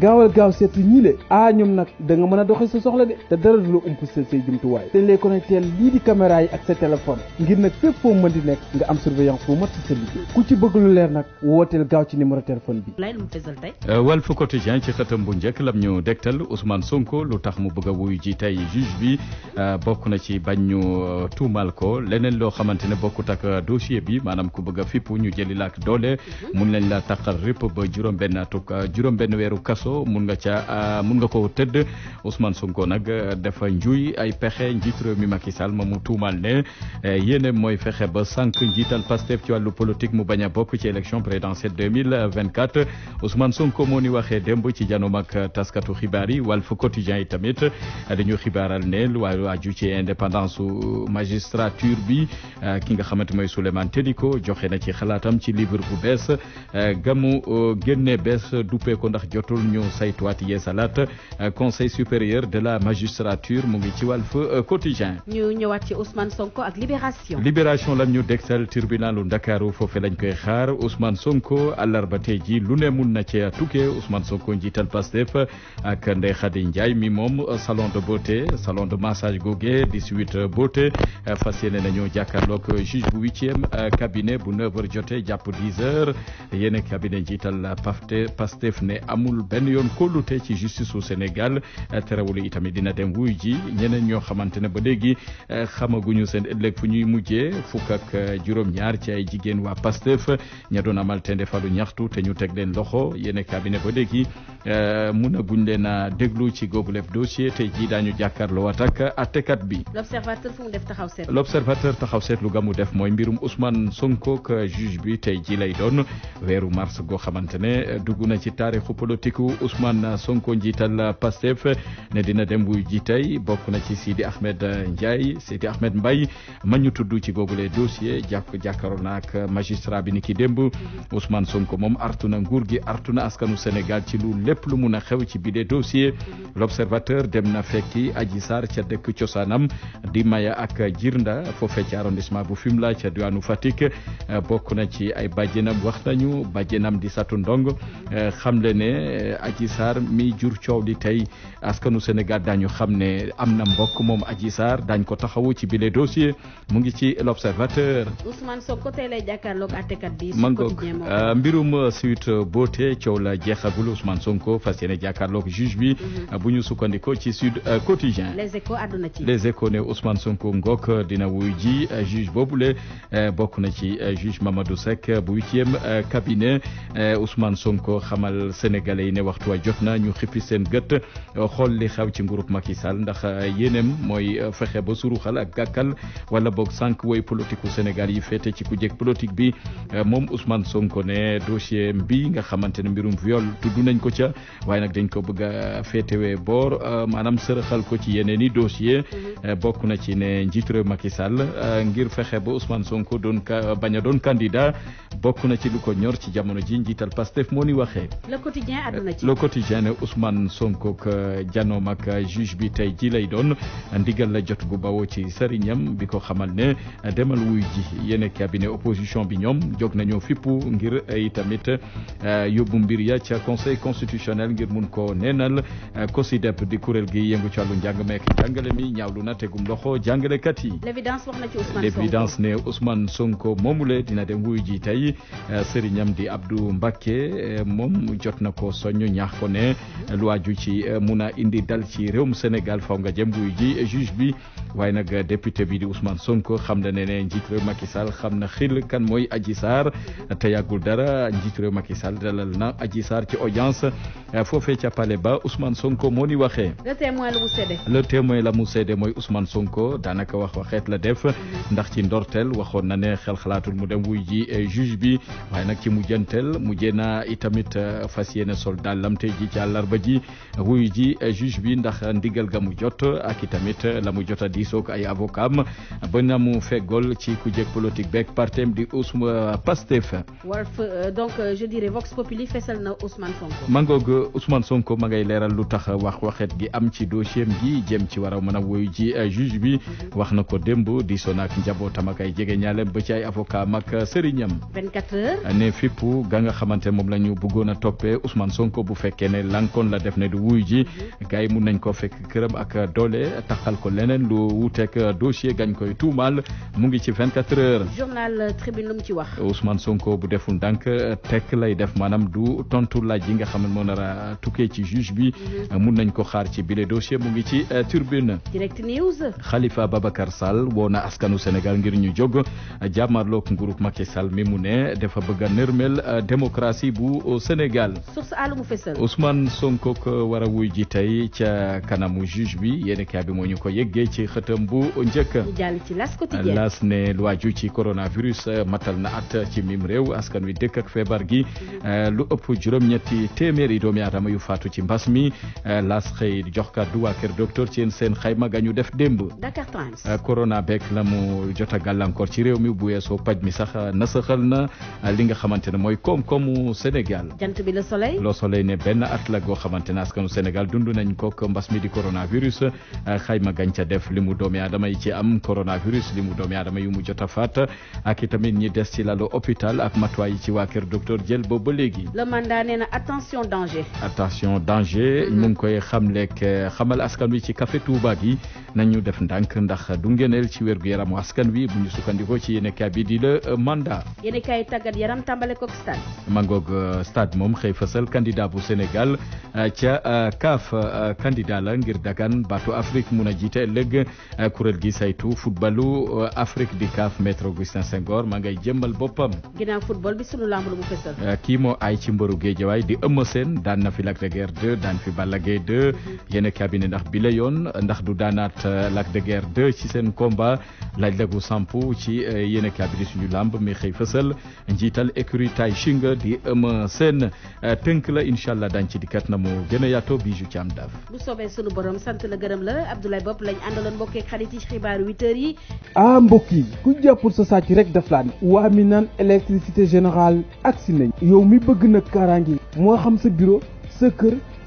gaawal gaaw seet si ñii le ah ñoom nag da nga mën a dox sa soxla de te dara du la umpaseel say jumtuwaay dañ lay connecté lii di caméra yi ak sa téléphone ngir nag fépp foo mën di nekk nga am surveillance bu mat sa liggéey ku ci bëgg lu leer nag wooteel gaaw ci numéro téléphone bi. lay lu mu fësal tey. Euh, Walf Quotidien ci xëtam bu njëkk lam ñu dégtal Ousmane Sonko lu tax mu bëgg a wuyu ji tey juge bi euh, bokk na ci bañ ñu euh, tuumaal ko leneen loo xamante ne bokkut ak dossier bi maanaam ku bëgg a fippu ñu jëli la ak doole mhm. mun nañ la taqal rëpp juróom-benn weeru so mun nga ca ah, mun nga ko tëdd Ousmane Sonko nag ah, dafa njuy ay pexe njiit réew mi Macky Sall ma mu tuumal ne eh, yéene mooy fexe ba sànq njiital Pastef ci wàllu politique mu bañ a bokk ci élection présidentielle 2024 Ousmane Sonko moo ni waxee démb ci janoom ak taskatu xibaar yi Walf Quotidien yi tamit ah, ñu xibaaral ne lu waaju ci indépendance su magistrature bi ki nga xamante mooy Souleymane ko joxe na ci xalaatam ci livre bu bees eh, mu oh, génne bees duppee ko ndax jotul ñu saytuwaat yeesalaat euh, conseil supérieur de la magistrature mu ngi ci Walf euh, Quotidien. ñu ñëwaat ci Ousmane Sonko ak Libération. Libération lam ñu dégtal tribunalu Ndakaaru foofee lañ koy xaar Ousmane Sonko àllarba tey ji lu ne mun na cee tukkee Ousmane Sonko njiital Pastef ak Ndeye Khady Ndiaye mi moom euh, salon de beauté salon de massage goge 18 beauté fas yéene nañu jàkkaarloog juge bu huitième cabinet bu 9h jotee jàpp 10h njiital Pastef ne amul benn benn yoon kóolute ci justice su Sénégal eh, terewul itamit dina dem wuy ji ñeneen ñoo xamante ne ba léegi eh, xamaguñu seen ëllëg fu ñuy mujjee fukk ak eh, juróom-ñaar ci ay jigéen waa PASTEF ña doon amal te ndefalu ñaxtu te ñu teg leen loxo yéen cabinet ba léegi mënaguñ leen a déglu ci googu lépp dossier tey jii daañu jàkkaarloo ak àttekat bi. l'observateur fu mu def taxaw seet. l'observateur taxaw seet lu gamu def mooy mbirum Ousmane Sonko ak juge bi tey jii lay doon weeru mars goo xamante ne dugg na ci taarixu politique Sonko Ousmane Sonko njiital Pastef ne dina dem wuy ji tey bokk na ci Sidi Ahmed Ndiaye Sidi Ahmed mbay ma ñu tudd ci googule dossier jàpp jàkkaaroo na ak magistrat bi ki démb Ousmane Sonko moom artu na nguur gi artu na askanu Sénégal ci lu lépp lu mun a xew ci bile dossier l'observateur dem na fekki Adji sar ca dekk cosaanam di maya ak jirnda foofee ci arrondissement bu Fimela ca diwaanu Fatick bokk na ci ay bàjjenam wax nañu bàjjenam di satu ndong eh, xam ne Adji Sarr mi jur coow li tey askanu Sénégal daañu xam ne am na mbokk moom Adji Sarr daañ ko taxawu ci bile dossier mu ngi ci l'observateur Ousmane Sonko tey lay jàkkaarloog àttekat bi ma ngoog euh, mbirum suite boote coow la jeexagul Ousmane Sonko fas yéene jàkkaarloog juge bi mhm. bu ñu sukkandikoo ci Sud Quotidien Les Échos àdduna ci Les Échos ne Ousmane Sonko ngoog dina wuy euh, juge boobule euh, bokk na ci juge Mamadou Seck bu huitième cabinet Ousmane Sonko xamal sénégalais yi ne waxtu wa jot na ñu xippi seen gët xool li xew ci nguurub Macky Sall ndax euh, yéeneem mooy euh, fexe ba suruxal ak gàkkal wala boog sànq woy politique u Sénégal yi féete ci ku jég politique bi euh, moom Ousmane Sonko ne dossier bi nga xamante ne mbirum viol tudd nañ ko ca waaye nag dañ ko bëgg a féetewee boor maanaam sërëxal ko ci yeneen i dossier bokk na ci ne njiitu réew Macky Sall ngir fexe ba Ousmane Sonko doon bañ a doon candidat bokk na ci lu ko ñor ci jamono ji njiital Pastef moo ni waxee. na ci. le quotidien Ousmane Sonko ak janoom euh, ak euh, juge bi tey ji lay doon ndigal la jot gu bawoo ci sëriñam bi ko xamal ne demal wuy ji yéen cabinet opposition bi ñoom jóg nañoo fippu ngir ay euh, tamit yóbbu mbir ya ca conseil constitutionnel ngir mun ko neenal COSIDEP di kuréel gi yëngu ci wàllu njàng meek njàngale mi ñaawlu na tegum loxo jàngalekat yi. l'évidence wax Sonko l'évidence ne Ousmane Sonko moomule dina dem wuy ji tey sëriñam di Abdou Mbacké moom jot ko soñ. ñu ñaax ko ne lu ci euh, mun a indi dal ci réewum Sénégal faw nga jëm guy ji euh, juge bi waaye nag euh, député bi di Ousmane Sonko xam na ne ne njiit réew Macky Sall xam na xil kan mooy aji saar te yàggul dara njiit réew Macky dalal na aji Sarr ci audience foofee ca Palais ba Ousmane Sonko moo ni waxee. le témoin la mu séddee. témoin la mu séddee mooy Ousmane Sonko daanaka wax xeet la def ndax ci ndorteel waxoon na ne xel xalaatul mu dem wuy ji juge bi waaye nag ci mujjanteel mujjee na itamit fas yéene soldat tàllam tey ji ci àllarba ji wuyu eh, juge bi ndax ndigal ga mu jot ak itamit eh, la mu jot a diisoo ak ay avocat ba na mu feggool ci ku jég politique beeg partem di Ousmane Pastef. Walf euh, donc euh, je dirais Vox Populi fesal na Ousmane Sonko. mangoog euh, Ousmane Sonko leeral lu tax wax waxet gi am ci dossier gi jëm ci war a mën ji eh, juge bi wax na ko démb diisoo na ak njabootam ak ay jege ñaaleem ba ci ay avocat am ak sëriñam. ne fippu ga xamante moom la ñu toppee Ousmane Sonko. ko bu fekkee ne lankoon la def ne du wuy ji gars mun nañ ko fekk këram ak doole taxal ko leneen lu wuuteeg dossier gañ koy tuumaal mu ngi ci 24 heures. journal tribune lu mu ci wax. Ousmane Sonko bu defu ndànk tekk lay def maanaam du tontu laaj yi nga xam ne moo nar a tukkee ci juge bi mhm. mun nañ ko xaar ci bile dossier mu ngi ci euh, tribune. direct news. Khalifa Babacar Sall woo na askanu Sénégal ngir ñu jóg jàmmarloog nguurub Macky Sall mi mu ne dafa bëgg a nërmel euh, démocratie bu Sénégal. source fësal. Ousmane Sonko ko war wuy ji tey ca kanamu juge bi yéen kaa bi moo ñu ko yeggee ci xëtam bu njëkk. ñu jàll ci las quotidien las ne lu aju ci coronavirus matal na at ci mim réew askan wi dëkk ak feebar gi mm-hmm. lu ëpp juróom-ñetti téeméeri doomi aadama yu faatu ci mbas mi las xëy jox kàddu waa kër docteur ci seen xayma ga def démb. Euh, corona beeg la mu jot a gàllankoor ci réew mi bu weesoo paj mi sax nasaxal na li nga xamante ne mooy koom-koomu Sénégal. jant lay ne benn at la goo xamante ne askanu Sénégal dund nañ ko mbas mi di coronavirus eh, xayma gànca def li mu doomi aadama yi ci am coronavirus li mu doomi aadama yu mu jot a faat ak itamit ñi des ci lalu hôpital ak matuwaay yi ci waa kër docteur bo boobu ba léegi. le mandat nee na attention danger. attention danger. mu mm-hmm. ngi koy xamleek eh, xamal askan wi ci café Touba gi nañu def ndank ndax du ngeeneel ci wergu gu yaramu askan wi bu ñu sukkandikoo ci yéen kaay bi di le eh, mandat. yéen kaay tàggat bu Sénégal euh, ca euh, CAF euh, candidat la ngir dagan baatu Afrique mun a jiite ëllëg kuréel gi saytu footballu Afrique di CAF maître Augustin Senghor maa ngay jëmmal boppam. ginnaaw football bi kii moo ay ci mbëru géejawaay di Eumeu Sène daan na fi Lac de Guiers 2 daan fi Balla Gaye 2 yéen cabinet ndax bi yoon ndax du daanaat Lac de Guiers 2 ci seen combat laaj lagu sampu ci yéen cabinet suñu lamb mi xëy fësal njiital écurie di Eumeu Sène tënk la incha allah a yaatoo bi ju ci am daaf. bu soobee sunu borom sant la gërëm la Abdoulaye Bopp lañ àndaloon mbokk ak yi xibaaru 8h yi. ah mbokk yi ku jàppul sa sàcc rek daf laa ne. waa mi naan général ak si nañ. yow mi bëgg nag kaaraange moo xam sa biro sa kër.